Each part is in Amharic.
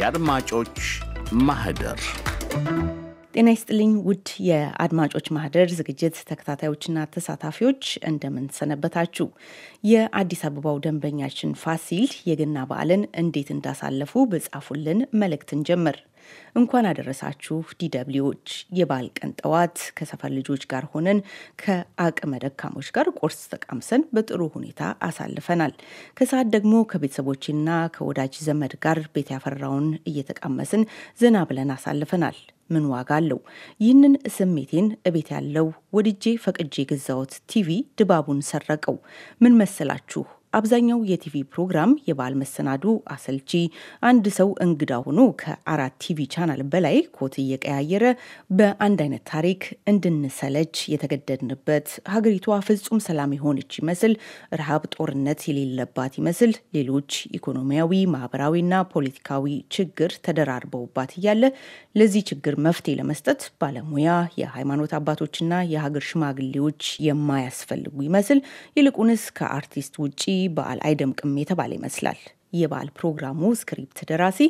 የአድማጮች ማህደር ጤና ይስጥልኝ ውድ የአድማጮች ማህደር ዝግጅት ተከታታዮችና ተሳታፊዎች እንደምንሰነበታችሁ። የአዲስ አበባው ደንበኛችን ፋሲል የገና በዓልን እንዴት እንዳሳለፉ በጻፉልን መልእክትን ጀምር እንኳን አደረሳችሁ ዲደብሊዎች። የበዓል ቀን ጠዋት ከሰፈር ልጆች ጋር ሆነን ከአቅመ ደካሞች ጋር ቁርስ ተቃምሰን በጥሩ ሁኔታ አሳልፈናል። ከሰዓት ደግሞ ከቤተሰቦችና ከወዳጅ ዘመድ ጋር ቤት ያፈራውን እየተቃመስን ዘና ብለን አሳልፈናል። ምን ዋጋ አለው? ይህንን ስሜቴን እቤት ያለው ወድጄ ፈቅጄ የገዛሁት ቲቪ ድባቡን ሰረቀው። ምን መሰላችሁ? አብዛኛው የቲቪ ፕሮግራም የበዓል መሰናዱ አሰልቺ፣ አንድ ሰው እንግዳ ሆኖ ከአራት ቲቪ ቻናል በላይ ኮት እየቀያየረ በአንድ አይነት ታሪክ እንድንሰለች የተገደድንበት፣ ሀገሪቷ ፍጹም ሰላም የሆነች ይመስል ረሃብ፣ ጦርነት የሌለባት ይመስል ሌሎች ኢኮኖሚያዊ፣ ማህበራዊና ፖለቲካዊ ችግር ተደራርበውባት እያለ ለዚህ ችግር መፍትሄ ለመስጠት ባለሙያ፣ የሃይማኖት አባቶችና የሀገር ሽማግሌዎች የማያስፈልጉ ይመስል ይልቁንስ ከአርቲስት ውጪ በዓል አይደምቅም የተባለ ይመስላል። የባል ፕሮግራሙ ስክሪፕት ደራሲ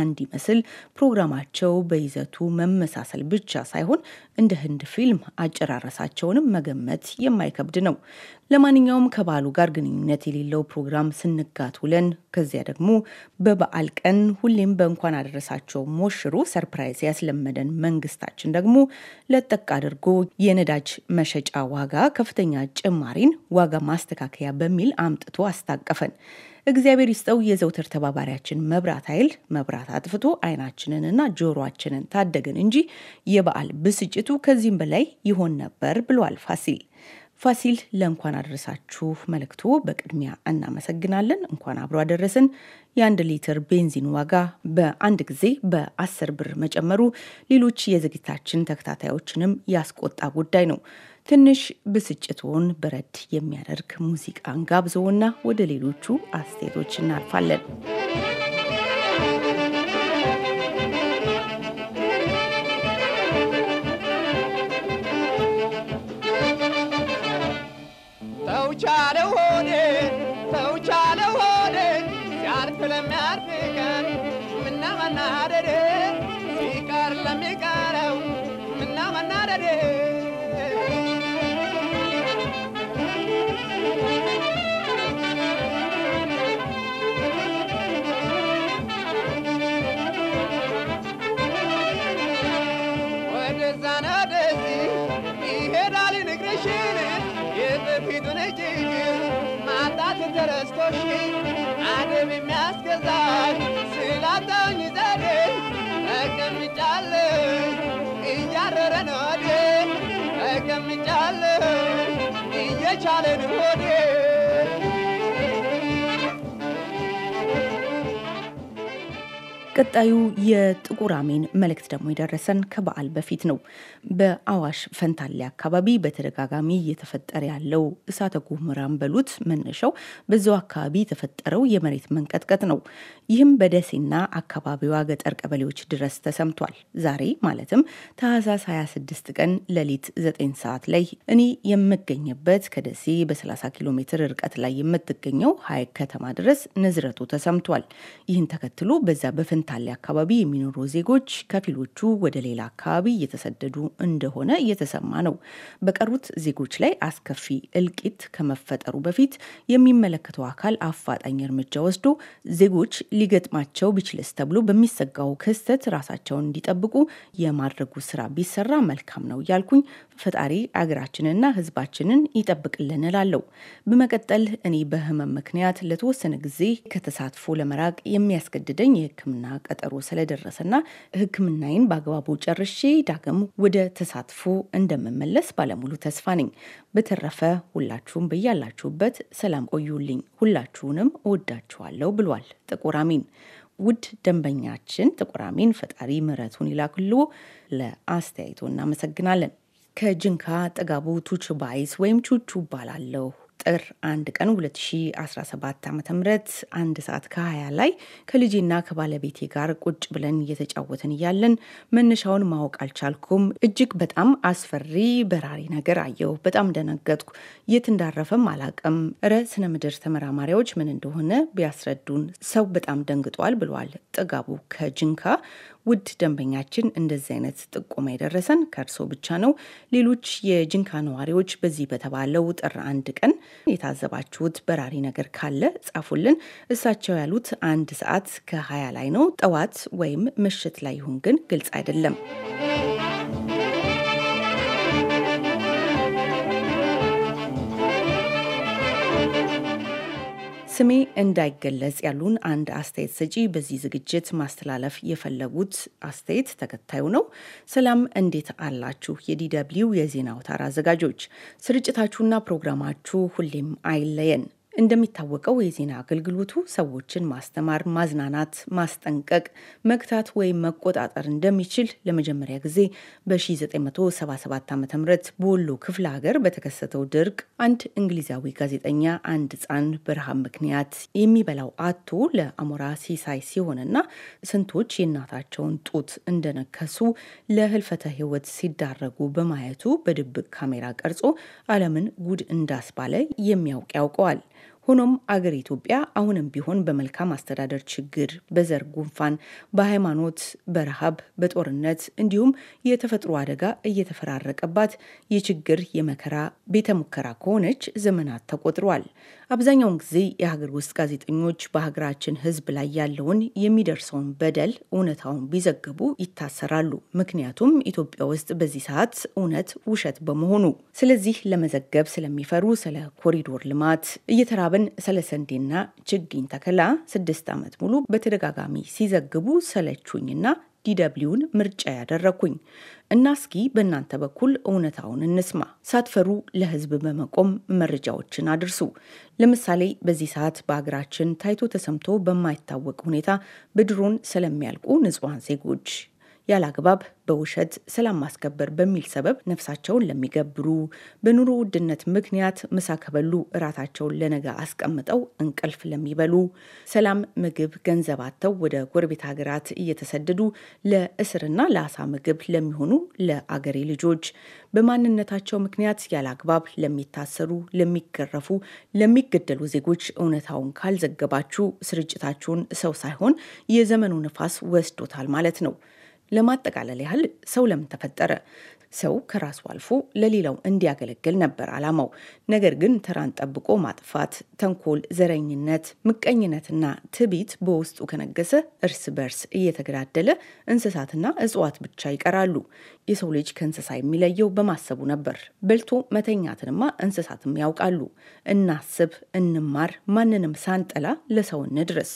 አንድ ይመስል ፕሮግራማቸው በይዘቱ መመሳሰል ብቻ ሳይሆን እንደ ህንድ ፊልም አጨራረሳቸውንም መገመት የማይከብድ ነው። ለማንኛውም ከበዓሉ ጋር ግንኙነት የሌለው ፕሮግራም ስንጋት ውለን ከዚያ ደግሞ በበዓል ቀን ሁሌም በእንኳን አደረሳቸው ሞሽሩ ሰርፕራይዝ ያስለመደን መንግስታችን ደግሞ ለጠቅ አድርጎ የነዳጅ መሸጫ ዋጋ ከፍተኛ ጭማሪን ዋጋ ማስተካከያ በሚል አምጥቶ አስታቀፈን። እግዚአብሔር ይስጠው የዘውትር ተባባሪያችን መብራት ኃይል መብራት አጥፍቶ አይናችንንና ጆሮአችንን ታደገን እንጂ የበዓል ብስጭቱ ከዚህም በላይ ይሆን ነበር ብሏል ፋሲል። ፋሲል ለእንኳን አደረሳችሁ መልእክቱ በቅድሚያ እናመሰግናለን። እንኳን አብሮ አደረስን። የአንድ ሊትር ቤንዚን ዋጋ በአንድ ጊዜ በአስር ብር መጨመሩ ሌሎች የዝግጅታችን ተከታታዮችንም ያስቆጣ ጉዳይ ነው። ትንሽ ብስጭቱን በረድ የሚያደርግ ሙዚቃን ጋብዘውና ወደ ሌሎቹ አስተያየቶች እናልፋለን። ለሚያርፍ ቀን ምና መናደድ ሲቀር ለሚቀረው ምና መናደድ ተረስቶሽ አደብ የሚያስገዛሽ ስላታውኝ ዛሬ ቀጣዩ የጥቁር አሜን መልእክት ደግሞ የደረሰን ከበዓል በፊት ነው። በአዋሽ ፈንታሌ አካባቢ በተደጋጋሚ እየተፈጠረ ያለው እሳተ ጎመራን በሉት መነሻው በዛው አካባቢ የተፈጠረው የመሬት መንቀጥቀጥ ነው። ይህም በደሴና አካባቢዋ ገጠር ቀበሌዎች ድረስ ተሰምቷል። ዛሬ ማለትም ታህሳስ 26 ቀን ሌሊት 9 ሰዓት ላይ እኔ የምገኝበት ከደሴ በ30 ኪሎ ሜትር ርቀት ላይ የምትገኘው ሀይቅ ከተማ ድረስ ንዝረቱ ተሰምቷል። ይህን ተከትሎ በዛ በፈን ሜንታሌ አካባቢ የሚኖሩ ዜጎች ከፊሎቹ ወደ ሌላ አካባቢ እየተሰደዱ እንደሆነ እየተሰማ ነው። በቀሩት ዜጎች ላይ አስከፊ እልቂት ከመፈጠሩ በፊት የሚመለከተው አካል አፋጣኝ እርምጃ ወስዶ ዜጎች ሊገጥማቸው ቢችልስ ተብሎ በሚሰጋው ክስተት ራሳቸውን እንዲጠብቁ የማድረጉ ስራ ቢሰራ መልካም ነው እያልኩኝ ፈጣሪ አገራችንና ሕዝባችንን ይጠብቅልን እላለሁ። በመቀጠል እኔ በህመም ምክንያት ለተወሰነ ጊዜ ከተሳትፎ ለመራቅ የሚያስገድደኝ የሕክምና ቀጠሮ ስለደረሰና ሕክምናዬን በአግባቡ ጨርሼ ዳግም ወደ ተሳትፎ እንደምመለስ ባለሙሉ ተስፋ ነኝ። በተረፈ ሁላችሁም በያላችሁበት ሰላም ቆዩልኝ። ሁላችሁንም እወዳችኋለሁ ብሏል ጥቁር አሚን። ውድ ደንበኛችን ጥቁር አሚን ፈጣሪ ምሕረቱን ይላክሉ። ለአስተያየቶ እናመሰግናለን። ከጅንካ ጥጋቡ ቱቹባይስ ወይም ቹቹ እባላለሁ ጥር አንድ ቀን 2017 ዓ ም አንድ ሰዓት ከ20 ላይ ከልጄና ከባለቤቴ ጋር ቁጭ ብለን እየተጫወትን እያለን መነሻውን ማወቅ አልቻልኩም። እጅግ በጣም አስፈሪ በራሪ ነገር አየሁ። በጣም ደነገጥኩ። የት እንዳረፈም አላቅም። እረ ስነ ምድር ተመራማሪዎች ምን እንደሆነ ቢያስረዱን። ሰው በጣም ደንግጧል ብሏል ጥጋቡ ከጅንካ ውድ ደንበኛችን፣ እንደዚህ አይነት ጥቆማ የደረሰን ከእርስዎ ብቻ ነው። ሌሎች የጂንካ ነዋሪዎች በዚህ በተባለው ጥር አንድ ቀን የታዘባችሁት በራሪ ነገር ካለ ጻፉልን። እሳቸው ያሉት አንድ ሰዓት ከሀያ ላይ ነው ጠዋት ወይም ምሽት ላይ ይሁን ግን ግልጽ አይደለም። ስሜ እንዳይገለጽ ያሉን አንድ አስተያየት ሰጪ በዚህ ዝግጅት ማስተላለፍ የፈለጉት አስተያየት ተከታዩ ነው። ሰላም፣ እንዴት አላችሁ? የዲደብሊው የዜና አውታር አዘጋጆች፣ ስርጭታችሁና ፕሮግራማችሁ ሁሌም አይለየን። እንደሚታወቀው የዜና አገልግሎቱ ሰዎችን ማስተማር፣ ማዝናናት፣ ማስጠንቀቅ፣ መግታት ወይም መቆጣጠር እንደሚችል ለመጀመሪያ ጊዜ በ1977 ዓ ም በወሎ ክፍለ ሀገር በተከሰተው ድርቅ አንድ እንግሊዛዊ ጋዜጠኛ አንድ ሕፃን በረሃብ ምክንያት የሚበላው አቶ ለአሞራ ሲሳይ ሲሆንና ስንቶች የእናታቸውን ጡት እንደነከሱ ለህልፈተ ህይወት ሲዳረጉ በማየቱ በድብቅ ካሜራ ቀርጾ ዓለምን ጉድ እንዳስባለ የሚያውቅ ያውቀዋል። ሆኖም አገር ኢትዮጵያ አሁንም ቢሆን በመልካም አስተዳደር ችግር፣ በዘር ጉንፋን፣ በሃይማኖት፣ በረሃብ፣ በጦርነት እንዲሁም የተፈጥሮ አደጋ እየተፈራረቀባት የችግር የመከራ ቤተ ሙከራ ከሆነች ዘመናት ተቆጥሯል። አብዛኛውን ጊዜ የሀገር ውስጥ ጋዜጠኞች በሀገራችን ሕዝብ ላይ ያለውን የሚደርሰውን በደል እውነታውን ቢዘግቡ ይታሰራሉ። ምክንያቱም ኢትዮጵያ ውስጥ በዚህ ሰዓት እውነት ውሸት በመሆኑ ስለዚህ ለመዘገብ ስለሚፈሩ ስለ ኮሪዶር ልማት እየተራበ የንባብን ሰለሰንዴና ችግኝ ተከላ ስድስት ዓመት ሙሉ በተደጋጋሚ ሲዘግቡ ሰለቹኝና ዲደብሊውን ምርጫ ያደረኩኝ እና እስኪ በእናንተ በኩል እውነታውን እንስማ። ሳትፈሩ ለህዝብ በመቆም መረጃዎችን አድርሱ። ለምሳሌ በዚህ ሰዓት በሀገራችን ታይቶ ተሰምቶ በማይታወቅ ሁኔታ በድሮን ስለሚያልቁ ንጹሐን ዜጎች ያላግባብ በውሸት ሰላም ማስከበር በሚል ሰበብ ነፍሳቸውን ለሚገብሩ፣ በኑሮ ውድነት ምክንያት ምሳ ከበሉ እራታቸውን ለነገ አስቀምጠው እንቅልፍ ለሚበሉ፣ ሰላም፣ ምግብ፣ ገንዘብ አጥተው ወደ ጎረቤት ሀገራት እየተሰደዱ ለእስርና ለአሳ ምግብ ለሚሆኑ ለአገሬ ልጆች፣ በማንነታቸው ምክንያት ያላግባብ ለሚታሰሩ፣ ለሚገረፉ፣ ለሚገደሉ ዜጎች እውነታውን ካልዘገባችሁ ስርጭታችሁን ሰው ሳይሆን የዘመኑ ንፋስ ወስዶታል ማለት ነው። ለማጠቃለል ያህል ሰው ለምን ተፈጠረ? ሰው ከራሱ አልፎ ለሌላው እንዲያገለግል ነበር አላማው። ነገር ግን ተራን ጠብቆ ማጥፋት፣ ተንኮል፣ ዘረኝነት፣ ምቀኝነትና ትቢት በውስጡ ከነገሰ እርስ በርስ እየተገዳደለ እንስሳትና እጽዋት ብቻ ይቀራሉ። የሰው ልጅ ከእንስሳ የሚለየው በማሰቡ ነበር። በልቶ መተኛትንማ እንስሳትም ያውቃሉ። እናስብ፣ እንማር፣ ማንንም ሳንጠላ ለሰው እንድረስ።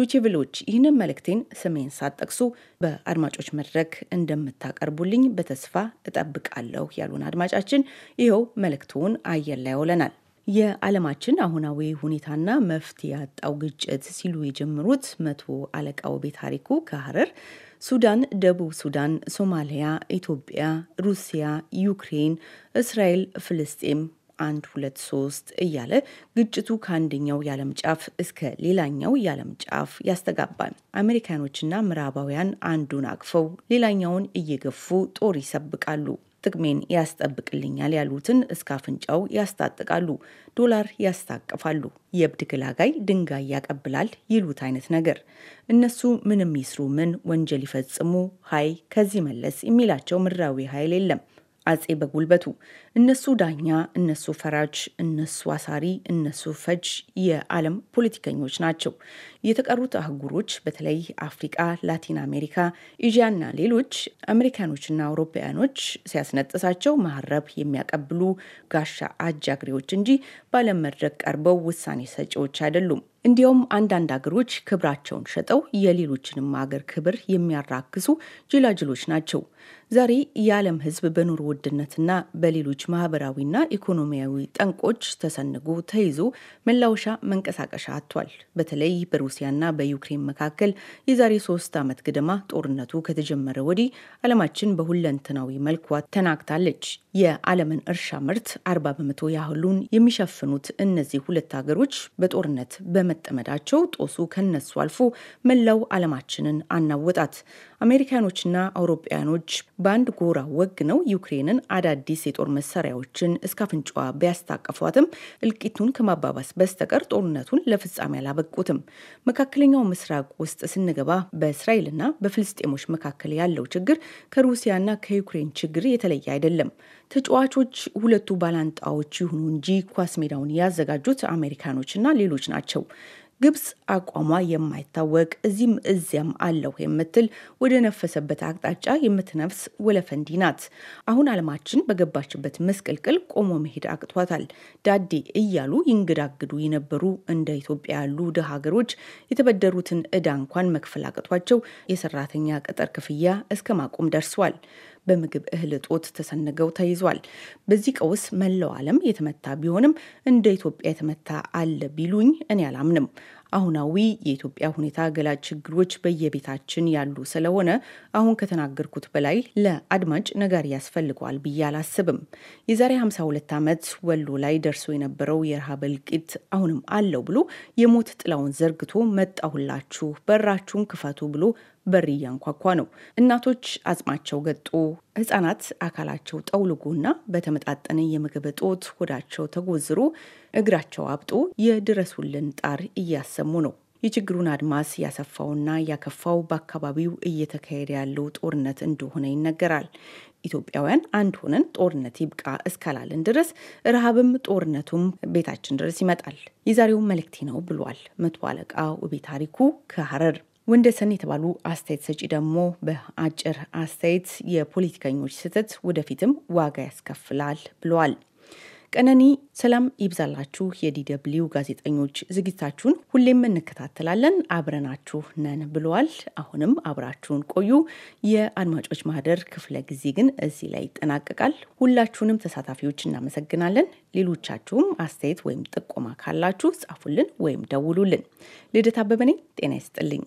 ዶቼቪሎች ይህንን መልእክቴን ስሜን ሳትጠቅሱ በአድማጮች መድረክ እንደምታቀርቡልኝ በተስፋ እጠብቃለሁ ያሉን አድማጫችን ይኸው መልእክቱን አየር ላይ ያውለናል። የዓለማችን አሁናዊ ሁኔታና መፍትሄ ያጣው ግጭት ሲሉ የጀመሩት መቶ አለቃው ቤታሪኩ ከሀረር ሱዳን፣ ደቡብ ሱዳን፣ ሶማሊያ፣ ኢትዮጵያ፣ ሩሲያ፣ ዩክሬን፣ እስራኤል፣ ፍልስጤም አንድ ሁለት ሶስት እያለ ግጭቱ ከአንደኛው የዓለም ጫፍ እስከ ሌላኛው የዓለም ጫፍ ያስተጋባል። አሜሪካኖችና ምዕራባውያን አንዱን አቅፈው ሌላኛውን እየገፉ ጦር ይሰብቃሉ። ጥቅሜን ያስጠብቅልኛል ያሉትን እስከ አፍንጫው ያስታጥቃሉ፣ ዶላር ያስታቅፋሉ፣ የእብድ ግላጋይ ድንጋይ ያቀብላል ይሉት አይነት ነገር። እነሱ ምንም ይስሩ ምን ወንጀል ይፈጽሙ ሀይ ከዚህ መለስ የሚላቸው ምድራዊ ኃይል የለም። አጼ በጉልበቱ እነሱ ዳኛ፣ እነሱ ፈራጅ፣ እነሱ አሳሪ፣ እነሱ ፈጅ የዓለም ፖለቲከኞች ናቸው። የተቀሩት አህጉሮች በተለይ አፍሪቃ፣ ላቲን አሜሪካ፣ ኤዥያና ሌሎች አሜሪካኖችና አውሮፓውያኖች ሲያስነጥሳቸው መሀረብ የሚያቀብሉ ጋሻ አጃግሬዎች እንጂ በአለም መድረክ ቀርበው ውሳኔ ሰጪዎች አይደሉም። እንዲያውም አንዳንድ አገሮች ክብራቸውን ሸጠው የሌሎችንም አገር ክብር የሚያራክሱ ጅላጅሎች ናቸው። ዛሬ የዓለም ሕዝብ በኑሮ ውድነትና በሌሎች ሌሎች ማህበራዊና ኢኮኖሚያዊ ጠንቆች ተሰንጎ ተይዞ መላወሻ መንቀሳቀሻ አጥቷል። በተለይ በሩሲያና በዩክሬን መካከል የዛሬ ሶስት ዓመት ገደማ ጦርነቱ ከተጀመረ ወዲህ ዓለማችን በሁለንተናዊ መልኳ ተናግታለች። የዓለምን እርሻ ምርት አርባ በመቶ ያህሉን የሚሸፍኑት እነዚህ ሁለት ሀገሮች በጦርነት በመጠመዳቸው ጦሱ ከነሱ አልፎ መላው ዓለማችንን አናወጣት። አሜሪካኖችና አውሮፓያኖች በአንድ ጎራ ወግ ነው ዩክሬንን አዳዲስ የጦር መሳሪያዎችን እስከ አፍንጫዋ ቢያስታቀፏትም እልቂቱን ከማባባስ በስተቀር ጦርነቱን ለፍጻሜ አላበቁትም። መካከለኛው ምስራቅ ውስጥ ስንገባ በእስራኤልና በፍልስጤሞች መካከል ያለው ችግር ከሩሲያና ከዩክሬን ችግር የተለየ አይደለም። ተጫዋቾች ሁለቱ ባላንጣዎች ይሁኑ እንጂ ኳስ ሜዳውን ያዘጋጁት አሜሪካኖችና ሌሎች ናቸው። ግብፅ አቋሟ የማይታወቅ እዚህም እዚያም አለሁ የምትል ወደ ነፈሰበት አቅጣጫ የምትነፍስ ወለፈንዲ ናት። አሁን አለማችን በገባችበት መስቀልቅል ቆሞ መሄድ አቅቷታል። ዳዴ እያሉ ይንግዳግዱ የነበሩ እንደ ኢትዮጵያ ያሉ ድሃ ሀገሮች የተበደሩትን እዳ እንኳን መክፈል አቅቷቸው የሰራተኛ ቅጥር ክፍያ እስከ ማቆም ደርሷል። በምግብ እህል እጦት ተሰንገው ተይዟል። በዚህ ቀውስ መላው ዓለም የተመታ ቢሆንም እንደ ኢትዮጵያ የተመታ አለ ቢሉኝ እኔ አላምንም። አሁናዊ የኢትዮጵያ ሁኔታ ገላጭ ችግሮች በየቤታችን ያሉ ስለሆነ አሁን ከተናገርኩት በላይ ለአድማጭ ነጋሪ ያስፈልገዋል ብዬ አላስብም። የዛሬ 52 ዓመት ወሎ ላይ ደርሶ የነበረው የረሃብ እልቂት አሁንም አለው ብሎ የሞት ጥላውን ዘርግቶ መጣሁላችሁ በራችሁን ክፈቱ ብሎ በር እያንኳኳ ነው። እናቶች አጽማቸው ገጦ፣ ህጻናት አካላቸው ጠውልጎና በተመጣጠነ የምግብ እጦት ሆዳቸው ተጎዝሮ እግራቸው አብጦ የድረሱልን ጣር እያሰሙ ነው። የችግሩን አድማስ ያሰፋውና ያከፋው በአካባቢው እየተካሄደ ያለው ጦርነት እንደሆነ ይነገራል። ኢትዮጵያውያን አንድ ሆነን ጦርነት ይብቃ እስካላልን ድረስ ረሃብም ጦርነቱም ቤታችን ድረስ ይመጣል። የዛሬው መልእክቴ ነው ብሏል መቶ አለቃ ውቤ ታሪኩ ከሀረር። ወንደሰን የተባሉ አስተያየት ሰጪ ደግሞ በአጭር አስተያየት የፖለቲከኞች ስህተት ወደፊትም ዋጋ ያስከፍላል ብለዋል። ቀነኒ ሰላም ይብዛላችሁ፣ የዲደብሊው ጋዜጠኞች ዝግጅታችሁን ሁሌም እንከታተላለን፣ አብረናችሁ ነን ብለዋል። አሁንም አብራችሁን ቆዩ። የአድማጮች ማህደር ክፍለ ጊዜ ግን እዚህ ላይ ይጠናቀቃል። ሁላችሁንም ተሳታፊዎች እናመሰግናለን። ሌሎቻችሁም አስተያየት ወይም ጥቆማ ካላችሁ ጻፉልን ወይም ደውሉልን። ልደት አበበ ነኝ። ጤና ይስጥልኝ።